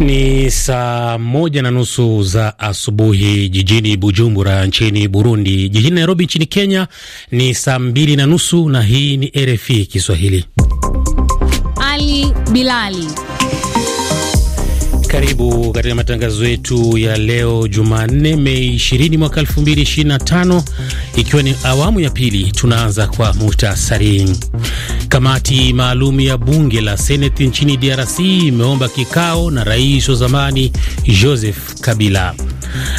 Ni saa moja na nusu za asubuhi jijini Bujumbura nchini Burundi. Jijini Nairobi nchini Kenya ni saa mbili na nusu na hii ni RFI Kiswahili. Ali Bilali, karibu katika matangazo yetu ya leo Jumanne, Mei 20 mwaka 2025, ikiwa ni awamu ya pili. Tunaanza kwa muhtasari. Kamati maalum ya bunge la seneti nchini DRC imeomba kikao na rais wa zamani Joseph Kabila.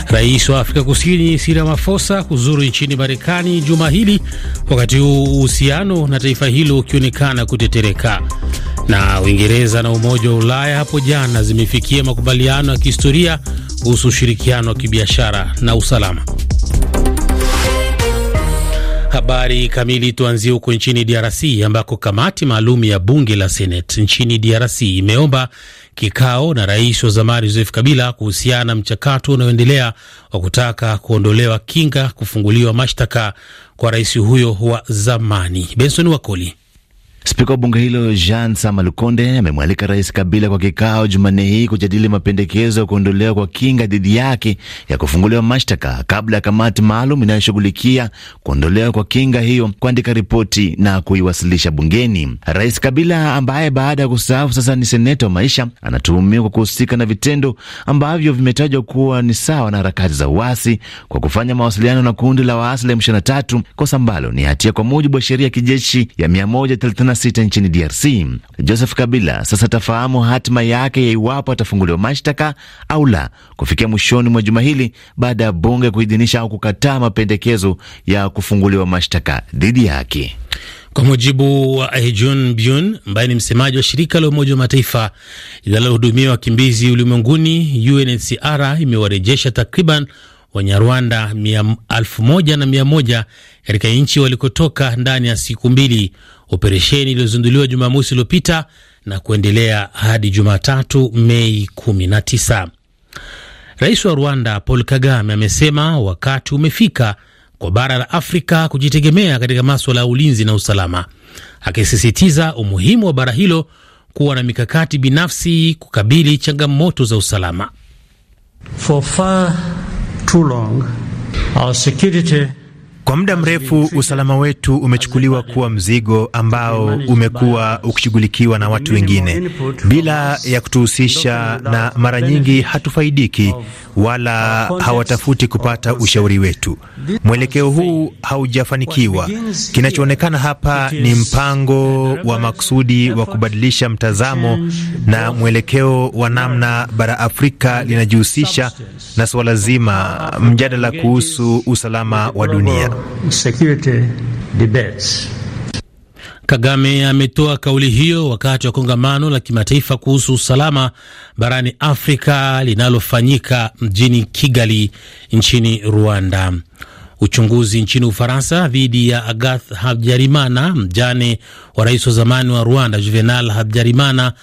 Rais wa Afrika Kusini Cyril Ramaphosa kuzuru nchini Marekani juma hili, wakati huu uhusiano na taifa hilo ukionekana kutetereka. Na Uingereza na Umoja wa Ulaya hapo jana zimefikia makubaliano ya kihistoria kuhusu ushirikiano wa kibiashara na usalama. Habari kamili tuanzie huko nchini DRC ambako kamati maalum ya bunge la Senate nchini DRC imeomba kikao na rais wa zamani Joseph Kabila kuhusiana na mchakato unaoendelea wa kutaka kuondolewa kinga kufunguliwa mashtaka kwa rais huyo wa zamani. Benson Wakoli. Spika wa bunge hilo Jean Sama Lukonde amemwalika Rais Kabila kwa kikao Jumanne hii kujadili mapendekezo ya kuondolewa kwa kinga dhidi yake ya kufunguliwa mashtaka kabla ya kamati maalum inayoshughulikia kuondolewa kwa kinga hiyo kuandika ripoti na kuiwasilisha bungeni. Rais Kabila ambaye baada ya kustaafu sasa ni seneta wa maisha, anatuhumiwa kwa kuhusika na vitendo ambavyo vimetajwa kuwa ni sawa na harakati za uasi kwa kufanya mawasiliano na kundi la waasi la M23, kosa ambalo ni hatia kwa mujibu wa sheria ya kijeshi ya sita nchini DRC. Joseph Kabila sasa atafahamu hatima yake ya iwapo atafunguliwa mashtaka au la kufikia mwishoni mwa juma hili baada ya bunge kuidhinisha au kukataa mapendekezo ya kufunguliwa mashtaka dhidi yake. Kwa mujibu wa John Byun ambaye ni msemaji wa shirika la Umoja wa Mataifa linalohudumia wakimbizi ulimwenguni, UNHCR imewarejesha takriban Wanyarwanda elfu moja na mia moja katika nchi walikotoka ndani ya siku mbili, operesheni iliyozinduliwa Jumamosi iliyopita na kuendelea hadi Jumatatu Mei 19. Rais wa Rwanda Paul Kagame amesema wakati umefika kwa bara la Afrika kujitegemea katika maswala ya ulinzi na usalama, akisisitiza umuhimu wa bara hilo kuwa na mikakati binafsi kukabili changamoto za usalama For far too long. Our security Kwa muda mrefu usalama wetu umechukuliwa kuwa mzigo ambao umekuwa ukishughulikiwa na watu wengine bila ya kutuhusisha, na mara nyingi hatufaidiki wala hawatafuti kupata ushauri wetu. Mwelekeo huu haujafanikiwa. Kinachoonekana hapa ni mpango wa maksudi wa kubadilisha mtazamo na mwelekeo wa namna bara Afrika linajihusisha na suala zima mjadala kuhusu usalama wa dunia security debates. Kagame ametoa kauli hiyo wakati wa kongamano la kimataifa kuhusu usalama barani Afrika linalofanyika mjini Kigali nchini Rwanda. Uchunguzi nchini Ufaransa dhidi ya Agath Habyarimana, mjane wa rais wa zamani wa Rwanda Juvenal Habyarimana,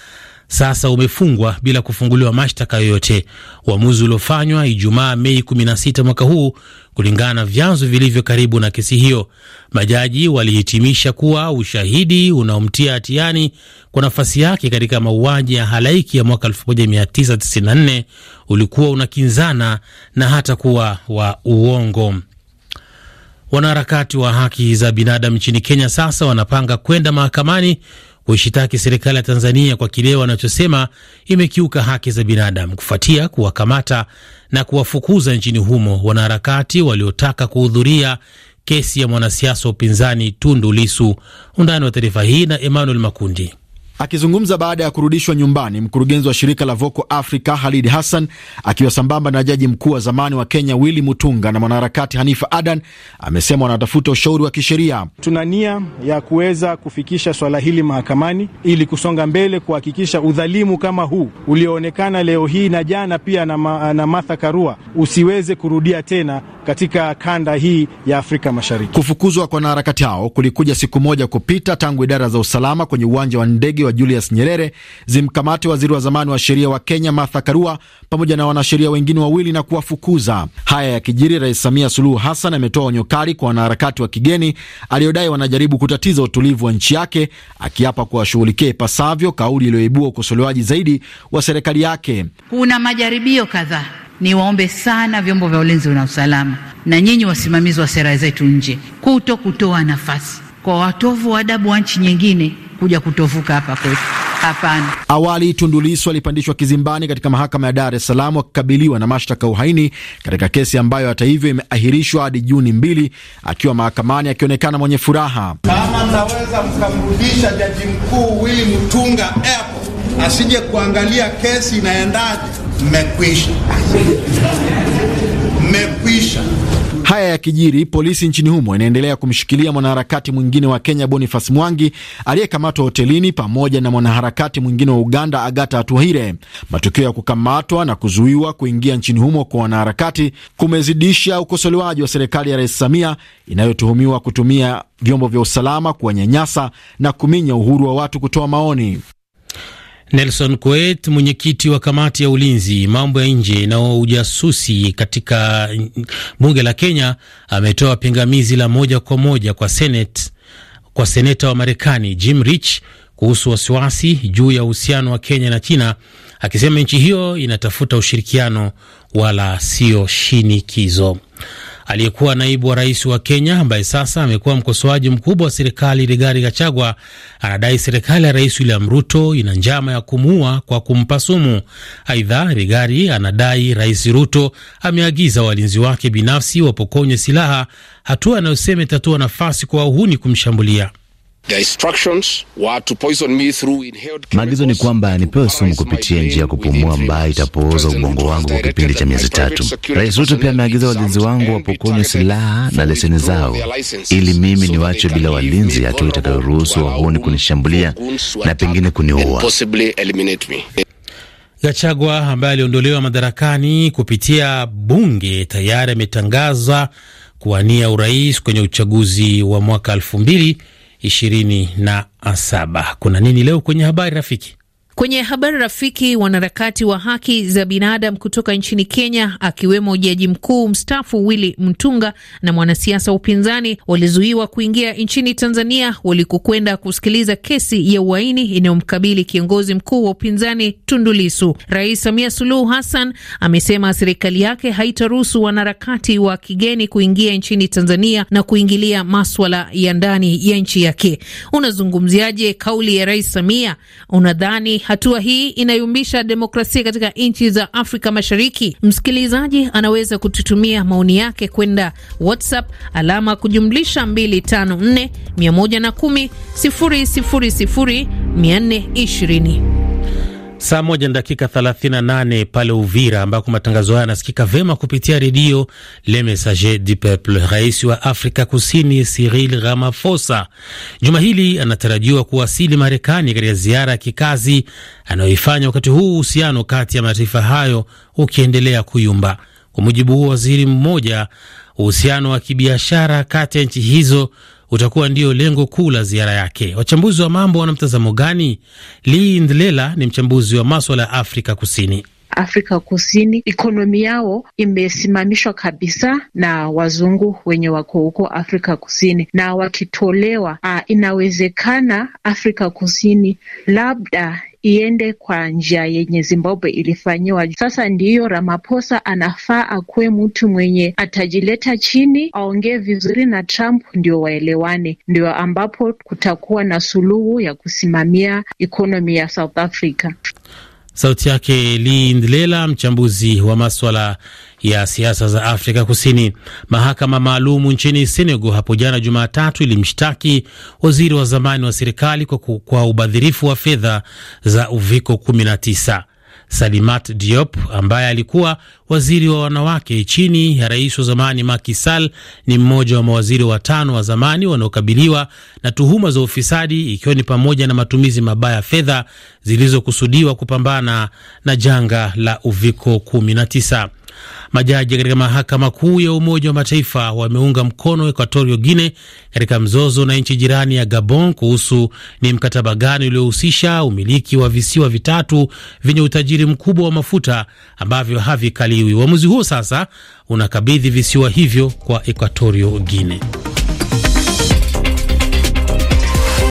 sasa umefungwa bila kufunguliwa mashtaka yoyote. Uamuzi uliofanywa Ijumaa Mei 16 mwaka huu kulingana na vyanzo vilivyo karibu na kesi hiyo. Majaji walihitimisha kuwa ushahidi unaomtia hatiani kwa nafasi yake katika mauaji ya halaiki ya mwaka 1994 ulikuwa unakinzana na hata kuwa wa uongo. Wanaharakati wa haki za binadamu nchini Kenya sasa wanapanga kwenda mahakamani kuishitaki serikali ya Tanzania kwa kile wanachosema imekiuka haki za binadamu kufuatia kuwakamata na kuwafukuza nchini humo wanaharakati waliotaka kuhudhuria kesi ya mwanasiasa wa upinzani Tundu Lisu. Undani wa taarifa hii na Emmanuel Makundi. Akizungumza baada ya kurudishwa nyumbani, mkurugenzi wa shirika la voko Africa Halid Hassan akiwa sambamba na jaji mkuu wa zamani wa Kenya Willy Mutunga na mwanaharakati Hanifa Adan amesema wanatafuta ushauri wa kisheria. Tuna nia ya kuweza kufikisha swala hili mahakamani ili kusonga mbele, kuhakikisha udhalimu kama huu ulioonekana leo hii na jana pia na, ma, na Martha Karua usiweze kurudia tena katika kanda hii ya Afrika Mashariki. Kufukuzwa kwa wanaharakati hao kulikuja siku moja kupita tangu idara za usalama kwenye uwanja wa ndege wa Julius Nyerere zimkamate waziri wa zamani wa sheria wa Kenya Martha Karua pamoja na wanasheria wengine wawili na kuwafukuza. Haya yakijiri, Rais Samia Suluhu Hassan ametoa onyo kali kwa wanaharakati wa kigeni aliyodai wanajaribu kutatiza utulivu wa nchi yake, akiapa kuwashughulikia ipasavyo, kauli iliyoibua ukosolewaji zaidi wa serikali yake. Kuna majaribio kadhaa Niwaombe sana vyombo vya ulinzi na usalama na nyinyi wasimamizi wa sera zetu nje, kuto kutoa nafasi kwa watovu wa adabu wa nchi nyingine kuja kutovuka hapa kwetu. Hapana. Awali Tundu Lissu alipandishwa kizimbani katika mahakama ya Dar es Salaam akikabiliwa na mashtaka uhaini katika kesi ambayo hata hivyo imeahirishwa hadi Juni mbili, akiwa mahakamani akionekana mwenye furaha. Kama mnaweza mkamrudisha jaji mkuu Willy Mutunga airport asije kuangalia kesi inaendaje, mmekwisha Haya ya kijiri polisi nchini humo inaendelea kumshikilia mwanaharakati mwingine wa Kenya Boniface Mwangi aliyekamatwa hotelini pamoja na mwanaharakati mwingine wa Uganda Agata Atuhaire. Matukio ya kukamatwa na kuzuiwa kuingia nchini humo kwa wanaharakati kumezidisha ukosolewaji wa serikali ya Rais Samia inayotuhumiwa kutumia vyombo vya usalama kuwanyanyasa na kuminya uhuru wa watu kutoa maoni. Nelson Koet, mwenyekiti wa kamati ya ulinzi, mambo ya nje na ujasusi katika bunge la Kenya, ametoa pingamizi la moja kwa moja kwa Senate, kwa seneta wa Marekani Jim Rich kuhusu wasiwasi juu ya uhusiano wa Kenya na China, akisema nchi hiyo inatafuta ushirikiano wala sio shinikizo. Aliyekuwa naibu wa rais wa Kenya ambaye sasa amekuwa mkosoaji mkubwa wa serikali Rigathi Gachagua anadai serikali ya rais William Ruto ina njama ya kumuua kwa kumpa sumu. Aidha, Rigathi anadai rais Ruto ameagiza walinzi wake binafsi wapokonywe silaha, hatua anayosema itatoa nafasi kwa wahuni kumshambulia. Maagizo ni kwamba nipewe sumu kupitia njia ya kupumua ambayo itapooza ubongo wangu kwa kipindi cha miezi tatu. Rais Ruto pia ameagiza walinzi wangu wapokonywe silaha na leseni zao, ili mimi niwache bila walinzi, hatua itakayoruhusu wahuni kunishambulia na pengine kuniua. Gachagua ambaye aliondolewa madarakani kupitia bunge tayari ametangaza kuwania urais kwenye uchaguzi wa mwaka elfu mbili 27. Kuna nini leo kwenye habari rafiki? Kwenye habari rafiki, wanaharakati wa haki za binadamu kutoka nchini Kenya, akiwemo jaji mkuu mstaafu Willy Mtunga na mwanasiasa wa upinzani walizuiwa kuingia nchini Tanzania walikokwenda kusikiliza kesi ya uhaini inayomkabili kiongozi mkuu wa upinzani tundulisu Rais Samia Suluhu Hassan amesema serikali yake haitaruhusu wanaharakati wa kigeni kuingia nchini Tanzania na kuingilia maswala ya ndani ya nchi yake. Unazungumziaje kauli ya Rais Samia? Unadhani hatua hii inayumbisha demokrasia katika nchi za Afrika Mashariki? Msikilizaji anaweza kututumia maoni yake kwenda WhatsApp alama kujumlisha 254 110 000 420. Saa moja na dakika 38 pale Uvira, ambako matangazo haya yanasikika vema kupitia redio Le Messager du Peuple. Rais wa Afrika Kusini Cyril Ramaphosa juma hili anatarajiwa kuwasili Marekani katika ziara ya kikazi anayoifanya wakati huu uhusiano kati ya mataifa hayo ukiendelea kuyumba. Kwa mujibu huo waziri mmoja, uhusiano wa kibiashara kati ya nchi hizo utakuwa ndio lengo kuu la ziara yake. Wachambuzi wa mambo wana mtazamo gani? Lii Ndlela ni mchambuzi wa maswala ya Afrika Kusini. Afrika Kusini ikonomi yao imesimamishwa kabisa na wazungu wenye wako huko Afrika Kusini, na wakitolewa, ah, inawezekana Afrika Kusini labda iende kwa njia yenye Zimbabwe ilifanyiwa. Sasa ndiyo Ramaphosa anafaa akuwe mtu mwenye atajileta chini, aongee vizuri na Trump ndio waelewane, ndio ambapo kutakuwa na suluhu ya kusimamia ikonomi ya South Africa. Sauti yake Li Ndlela, mchambuzi wa maswala ya siasa za Afrika Kusini. Mahakama maalumu nchini Senegal hapo jana Jumatatu ilimshtaki waziri wa zamani wa serikali kwa, kwa ubadhirifu wa fedha za Uviko 19. Salimat Diop ambaye alikuwa waziri wa wanawake chini ya rais wa zamani Macky Sall ni mmoja wa mawaziri watano wa zamani wanaokabiliwa na tuhuma za ufisadi ikiwa ni pamoja na matumizi mabaya fedha zilizokusudiwa kupambana na janga la Uviko 19. Majaji katika mahakama kuu ya Umoja wa Mataifa wameunga mkono Ekuatorio Guine katika mzozo na nchi jirani ya Gabon kuhusu ni mkataba gani uliohusisha umiliki wa visiwa vitatu vyenye utajiri mkubwa wa mafuta ambavyo havikaliwi. Uamuzi huo sasa unakabidhi visiwa hivyo kwa Ekuatorio Guine.